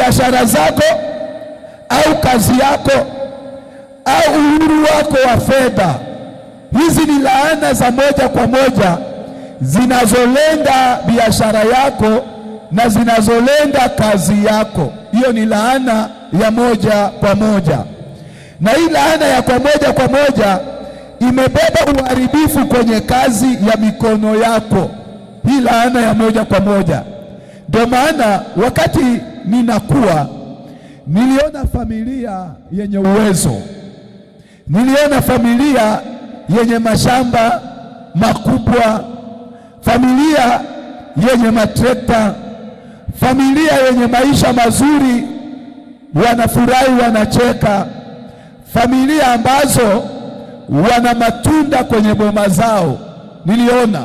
biashara zako au kazi yako au uhuru wako wa fedha. Hizi ni laana za moja kwa moja zinazolenga biashara yako na zinazolenga kazi yako. Hiyo ni laana ya moja kwa moja, na hii laana ya kwa moja kwa moja imebeba uharibifu kwenye kazi ya mikono yako. Hii laana ya moja kwa moja, ndio maana wakati ninakuwa, niliona familia yenye uwezo, niliona familia yenye mashamba makubwa, familia yenye matrekta, familia yenye maisha mazuri, wanafurahi, wanacheka, familia ambazo wana matunda kwenye boma zao, niliona.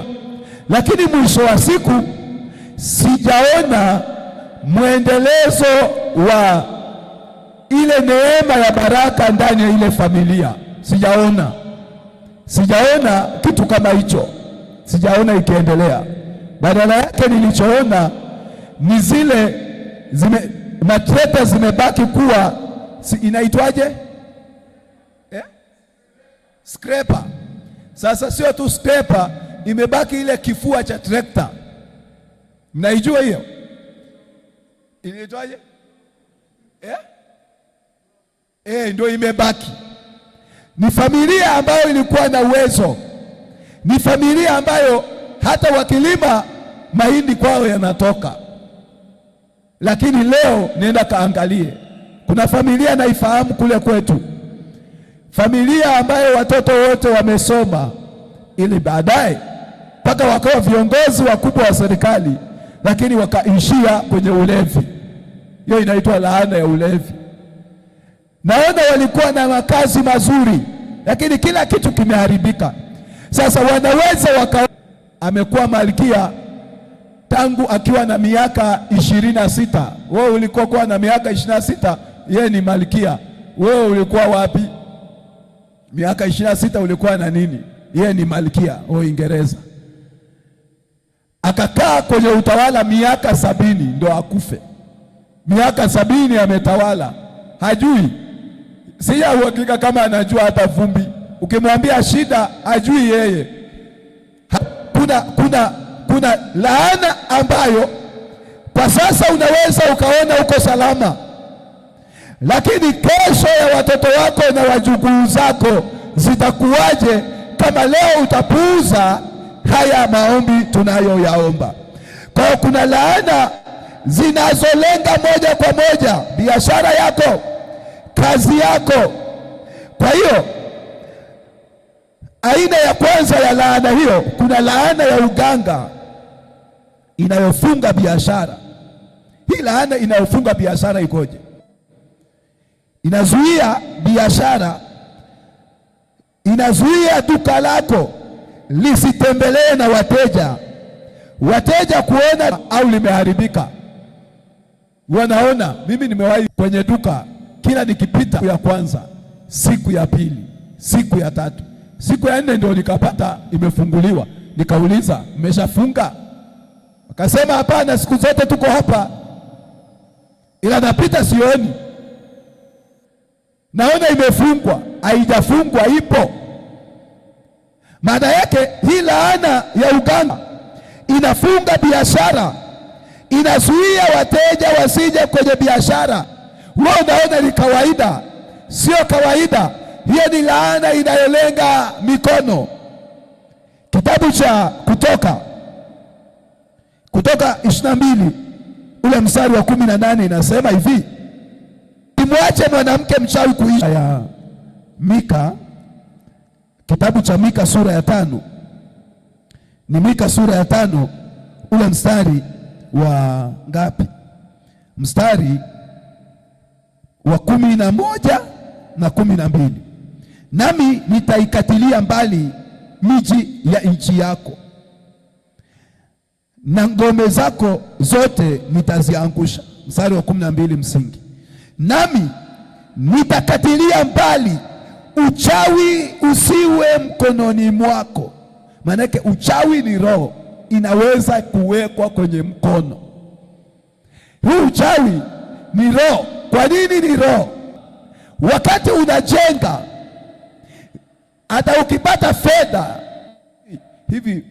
Lakini mwisho wa siku sijaona mwendelezo wa ile neema ya baraka ndani ya ile familia. Sijaona, sijaona kitu kama hicho, sijaona ikiendelea. Badala yake nilichoona ni zile zime, matreta zimebaki kuwa si, inaitwaje eh? Scraper. Sasa sio tu scraper, imebaki ile kifua cha trekta, mnaijua hiyo inaitwaje? Eh? Eh, ndio imebaki. Ni familia ambayo ilikuwa na uwezo, ni familia ambayo hata wakilima mahindi kwao yanatoka. Lakini leo nenda kaangalie, kuna familia naifahamu kule kwetu, familia ambayo watoto wote wamesoma ili baadaye mpaka wakawa viongozi wakubwa wa serikali, lakini wakaishia kwenye ulevi hiyo inaitwa laana ya ulevi. Naona walikuwa na makazi mazuri, lakini kila kitu kimeharibika. Sasa wanaweza waka amekuwa malkia tangu akiwa na miaka ishirini na sita. Wewe ulikuwa kuwa na miaka ishirini na sita, yeye ni malkia. Wewe ulikuwa wapi miaka ishirini na sita? Ulikuwa na nini? Yeye ni malkia Uingereza. Akakaa kwenye utawala miaka sabini ndio akufe miaka sabini ametawala, hajui. Sina uhakika kama anajua hata vumbi. Ukimwambia shida, hajui yeye. Kuna, kuna, kuna laana ambayo kwa sasa unaweza ukaona uko salama, lakini kesho ya watoto wako na wajukuu zako zitakuwaje kama leo utapuuza haya maombi tunayoyaomba? Kwa kuna laana zinazolenga moja kwa moja biashara yako, kazi yako. Kwa hiyo aina ya kwanza ya laana hiyo, kuna laana ya uganga inayofunga biashara. Hii laana inayofunga biashara ikoje? Inazuia biashara, inazuia duka lako lisitembelee na wateja, wateja kuona au limeharibika wanaona mimi nimewahi kwenye duka, kila nikipita ya kwanza, siku ya pili, siku ya tatu, siku ya nne ndio nikapata imefunguliwa. Nikauliza, mmeshafunga? Akasema hapana, siku zote tuko hapa, ila napita sioni, naona imefungwa. Haijafungwa, ipo. Maana yake hii laana ya Uganda inafunga biashara inazuia wateja wasije kwenye biashara. Wewe unaona ni kawaida, sio kawaida. Hiyo ni laana inayolenga mikono. Kitabu cha Kutoka, Kutoka 22 mbili ule mstari wa kumi na nane inasema hivi, imwache mwanamke mchawi kuishi. Ya Mika, kitabu cha Mika sura ya tano, ni Mika sura ya tano ule mstari wa ngapi? Mstari wa kumi na moja na kumi na mbili nami nitaikatilia mbali miji ya nchi yako na ngome zako zote nitaziangusha. Mstari wa kumi na mbili msingi, nami nitakatilia mbali uchawi usiwe mkononi mwako. Maanake uchawi ni roho inaweza kuwekwa kwenye mkono. Hii uchawi ni roho. Kwa nini ni roho? Wakati unajenga, hata ukipata fedha hivi,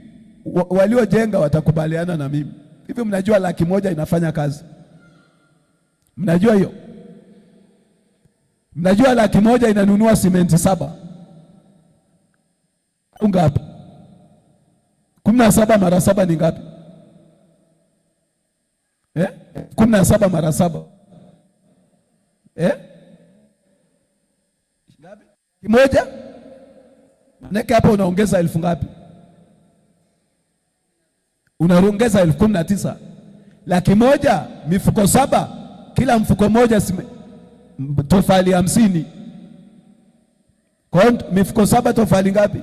waliojenga watakubaliana na mimi hivi. Mnajua laki moja inafanya kazi? Mnajua hiyo? Mnajua laki moja inanunua simenti saba? Unga hapa kumi na saba mara saba ni ngapi eh? kumi na saba mara saba eh? kimoja manake hapo unaongeza elfu ngapi? Unaongeza elfu kumi na tisa. Laki moja mifuko saba, kila mfuko moja tofali hamsini. Kwa hiyo mifuko saba tofali ngapi?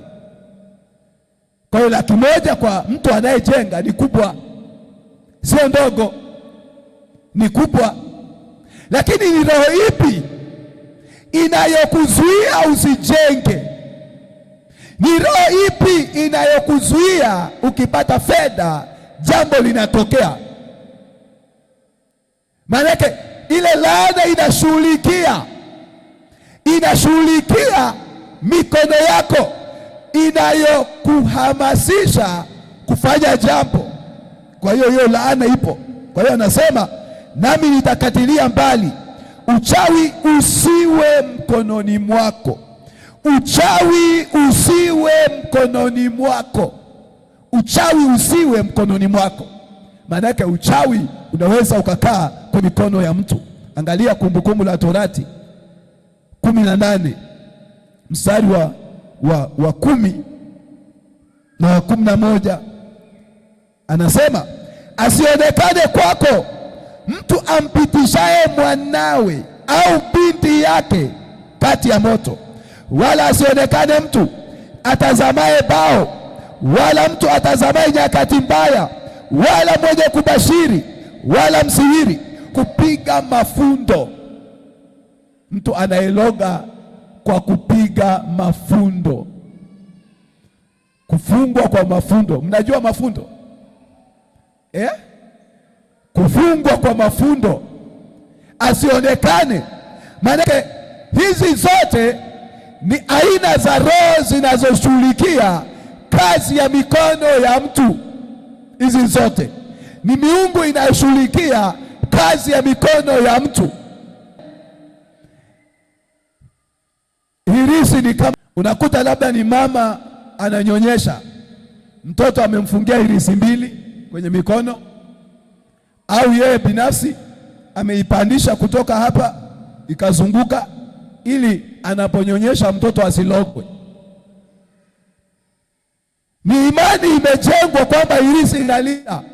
Kwa hiyo laki moja kwa mtu anayejenga ni kubwa, sio ndogo, ni kubwa. Lakini ni roho ipi inayokuzuia usijenge? Ni roho ipi inayokuzuia ukipata fedha jambo linatokea? Maanake ile laana inashughulikia inashughulikia mikono yako inayokuhamasisha kufanya jambo. Kwa hiyo hiyo laana ipo. Kwa hiyo anasema nami nitakatilia mbali uchawi, usiwe mkononi mwako. Uchawi usiwe mkononi mwako. Uchawi usiwe mkononi mwako. Maana yake uchawi unaweza ukakaa kwa mikono ya mtu. Angalia Kumbukumbu la Torati kumi na nane mstari wa wa, wa kumi na wa kumi na moja anasema asionekane kwako mtu ampitishaye mwanawe au binti yake kati ya moto, wala asionekane mtu atazamaye bao, wala mtu atazamaye nyakati mbaya, wala mwenye kubashiri, wala msihiri, kupiga mafundo, mtu anayeloga kwa kupiga mafundo, kufungwa kwa mafundo. Mnajua mafundo eh? Kufungwa kwa mafundo asionekane, maanake hizi zote ni aina za roho zinazoshughulikia kazi ya mikono ya mtu. Hizi zote ni miungu inayoshughulikia kazi ya mikono ya mtu. ni kama unakuta labda ni mama ananyonyesha mtoto amemfungia irisi mbili kwenye mikono, au yeye binafsi ameipandisha kutoka hapa ikazunguka, ili anaponyonyesha mtoto asilogwe. Ni imani imejengwa kwamba irisi inalinda